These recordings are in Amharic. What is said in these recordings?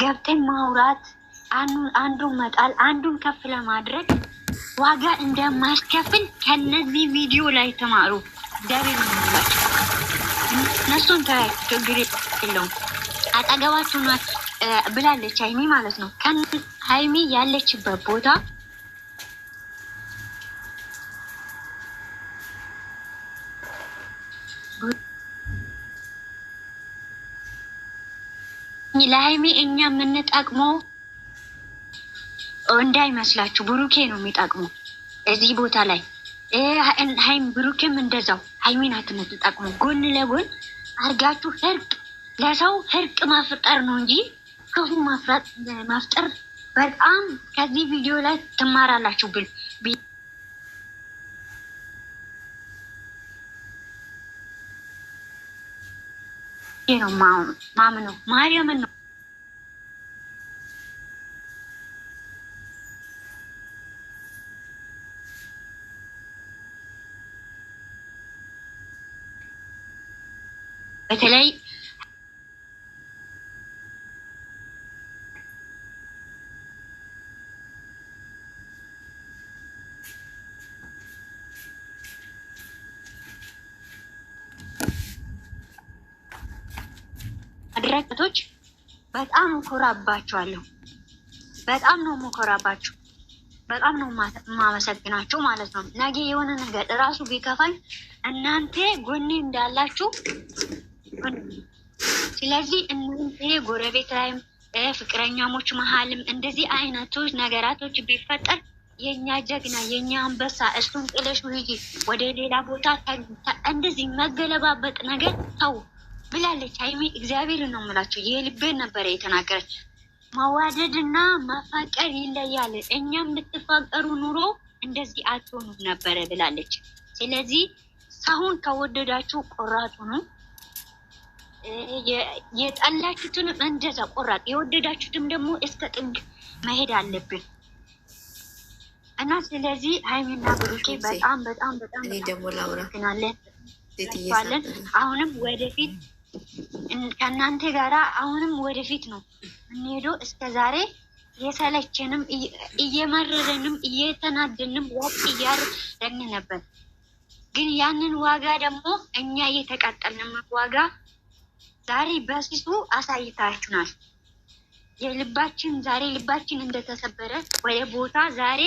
ገብተን ማውራት፣ አንዱን መጣል፣ አንዱን ከፍ ለማድረግ ዋጋ እንደማስከፍል ከነዚህ ቪዲዮ ላይ ተማሩ። ደብ ይመስገን። እነሱን ችግር የለውም አጠገባችሁ ብላለች ሀይሚ ማለት ነው። ከሀይሚ ያለችበት ቦታ ለሀይሚ እኛ የምንጠቅመው እንዳይመስላችሁ ብሩኬ ነው የሚጠቅመው እዚህ ቦታ ላይ ሀይም ብሩኬም እንደዛው ሀይሚ ናት የምትጠቅመው። ጎን ለጎን አርጋችሁ እርቅ ለሰው እርቅ ማፍጠር ነው እንጂ ክፉ ማፍጠር በጣም ከዚህ ቪዲዮ ላይ ትማራላችሁ ብል ነው ማምነው ማርያምን ነው በተለይ አድራጊቶች በጣም እኮራባቸዋለሁ። በጣም ነው የምኮራባቸው። በጣም ነው የማመሰግናችሁ ማለት ነው። ነገ የሆነ ነገር እራሱ ቢከፋኝ እናንተ ጎኔ እንዳላችሁ ስለዚህ እነዚህ ጎረቤት ላይም ፍቅረኛሞች መሀልም እንደዚህ አይነቶች ነገራቶች ቢፈጠር የእኛ ጀግና የእኛ አንበሳ እሱን ጥለሽ ውይ ወደ ሌላ ቦታ እንደዚህ መገለባበጥ ነገር ተው ብላለች ሀይሚ። እግዚአብሔር ነው የምላቸው የልቤን ነበረ የተናገረች። መዋደድና መፈቀር ይለያል። እኛም ብትፋቀሩ ኑሮ እንደዚህ አትሆኑ ነበረ ብላለች። ስለዚህ ሳሁን ከወደዳችሁ ቆራጡ ነው የጠላችሁትንም እንደዛ ቆራጥ፣ የወደዳችሁትም ደግሞ እስከ ጥግ መሄድ አለብን እና ስለዚህ ሀይሚና ብሩኬ በጣም በጣም በጣም ናለን። አሁንም ወደፊት ከእናንተ ጋራ አሁንም ወደፊት ነው እንሄዶ እስከ ዛሬ የሰለችንም እየመረረንም እየተናደንም ዋቅ እያደረግን ነበር፣ ግን ያንን ዋጋ ደግሞ እኛ እየተቃጠልንም ዋጋ ዛሬ በሲሱ አሳይታችሁናል። የልባችን ዛሬ ልባችን እንደተሰበረ ወደ ቦታ ዛሬ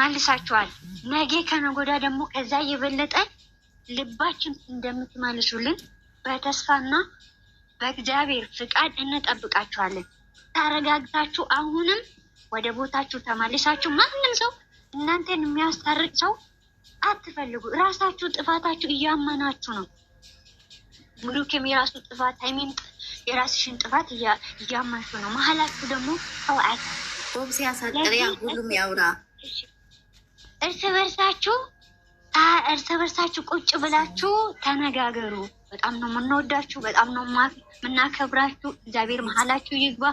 መልሳችኋል። ነገ ከነጎዳ ደግሞ ከዛ የበለጠ ልባችን እንደምትመልሱልን በተስፋና በእግዚአብሔር ፍቃድ እንጠብቃችኋለን። ታረጋግታችሁ አሁንም ወደ ቦታችሁ ተመልሳችሁ ማንም ሰው እናንተን የሚያስታርቅ ሰው አትፈልጉ። እራሳችሁ ጥፋታችሁ እያመናችሁ ነው። ብሉኬም የራሱ ጥፋት አይሚን የራስሽን ጥፋት እያማሹ ነው። መሀላችሁ ደግሞ ሰውአት ቦብ ሲያሳጥር ሁሉም ያውራ እርስ በርሳችሁ እርስ በርሳችሁ ቁጭ ብላችሁ ተነጋገሩ። በጣም ነው የምንወዳችሁ፣ በጣም ነው የምናከብራችሁ። እግዚአብሔር መሀላችሁ ይግባ።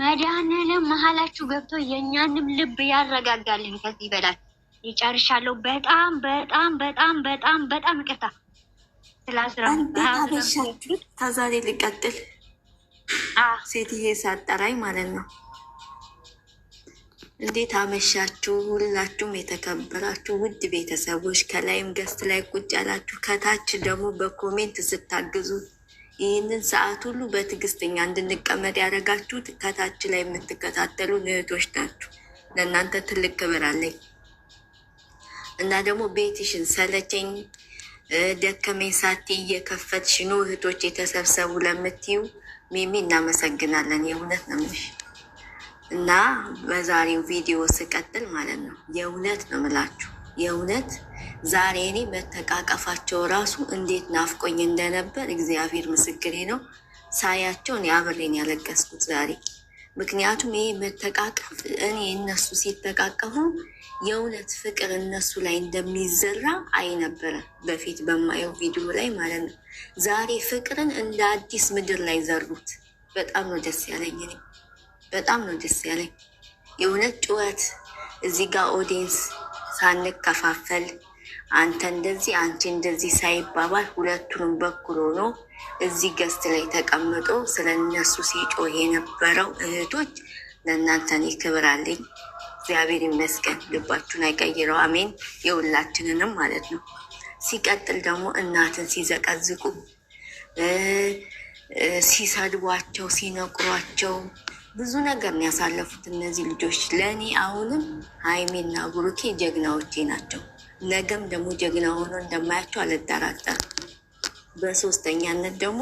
መድኃኒዓለም መሀላችሁ ገብቶ የእኛንም ልብ ያረጋጋልን። ከዚህ በላይ ይጨርሻለሁ። በጣም በጣም በጣም በጣም በጣም ይቅርታ አበሻችሁት። ከዛሬ ልቀጥል። ሴትዬ ሳጠራኝ ማለት ነው። እንዴት አመሻችሁ ሁላችሁም የተከበራችሁ ውድ ቤተሰቦች፣ ከላይም ገስት ላይ ቁጭ ያላችሁ፣ ከታች ደግሞ በኮሜንት ስታግዙ ይህንን ሰዓት ሁሉ በትዕግስተኛ እንድንቀመጥ ያደረጋችሁት ከታች ላይ የምትከታተሉ እህቶች ናችሁ። ለእናንተ ትልቅ ክብር አለኝ እና ደግሞ ቤትሽን ሰለቸኝ ደከመኝ ሳቲ እየከፈትሽ ኑ እህቶች የተሰብሰቡ ለምትዩ ሚሚ እናመሰግናለን። የእውነት ነው የምልሽ እና በዛሬው ቪዲዮ ስቀጥል ማለት ነው የእውነት ነው የምላችሁ የእውነት ዛሬ እኔ መተቃቀፋቸው ራሱ እንዴት ናፍቆኝ እንደነበር እግዚአብሔር ምስክሬ ነው። ሳያቸው እኔ አብሬን ያለቀስኩት ዛሬ ምክንያቱም ይህ መተቃቀፍ እኔ እነሱ ሲተቃቀፉ የእውነት ፍቅር እነሱ ላይ እንደሚዘራ አይነበረ በፊት በማየው ቪዲዮ ላይ ማለት ነው። ዛሬ ፍቅርን እንደ አዲስ ምድር ላይ ዘሩት። በጣም ነው ደስ ያለኝ እኔ በጣም ነው ደስ ያለኝ የእውነት ጩኸት እዚህ ጋር ኦዲየንስ ሳንከፋፈል አንተ እንደዚህ አንቺ እንደዚህ ሳይባባል ሁለቱንም በኩል ሆኖ እዚህ ገስት ላይ ተቀምጦ ስለ እነሱ ሲጮህ የነበረው እህቶች ለእናንተ እኔ ክብር አለኝ። እግዚአብሔር ይመስገን። ልባችሁን አይቀይረው። አሜን። የሁላችንንም ማለት ነው። ሲቀጥል ደግሞ እናትን ሲዘቀዝቁ፣ ሲሰድቧቸው፣ ሲነቁሯቸው ብዙ ነገር ነው ያሳለፉት እነዚህ ልጆች። ለእኔ አሁንም ሀይሜና ብሩኬ ጀግናዎቼ ናቸው። ነገም ደግሞ ጀግና ሆኖ እንደማያቸው አልጠራጠርም። በሶስተኛነት ደግሞ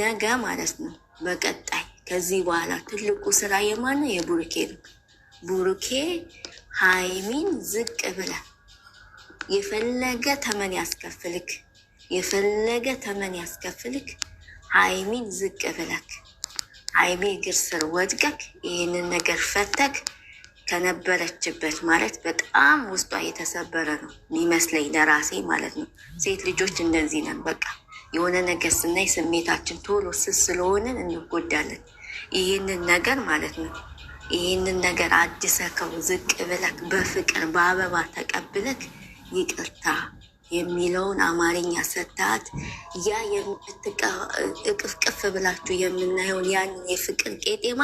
ነገ ማለት ነው በቀጣይ ከዚህ በኋላ ትልቁ ስራ የማን የቡሩኬ ነው። ቡሩኬ ሀይሚን ዝቅ ብለ የፈለገ ተመን ያስከፍልክ የፈለገ ተመን ያስከፍልክ ሀይሚን ዝቅ ብለክ ሀይሚ እግር ስር ወድቀክ ይህንን ነገር ፈተክ ከነበረችበት ማለት በጣም ውስጧ የተሰበረ ነው የሚመስለኝ ለራሴ ማለት ነው። ሴት ልጆች እንደዚህ ነን። በቃ የሆነ ነገር ስናይ ስሜታችን ቶሎ ስስ ስለሆንን እንጎዳለን። ይህንን ነገር ማለት ነው ይህንን ነገር አድሰከው ዝቅ ብለክ በፍቅር በአበባ ተቀብለክ ይቅርታ የሚለውን አማርኛ ሰታት ያ የምትቀፍቅፍ ብላችሁ የምናየውን ያንን የፍቅር ቄጤማ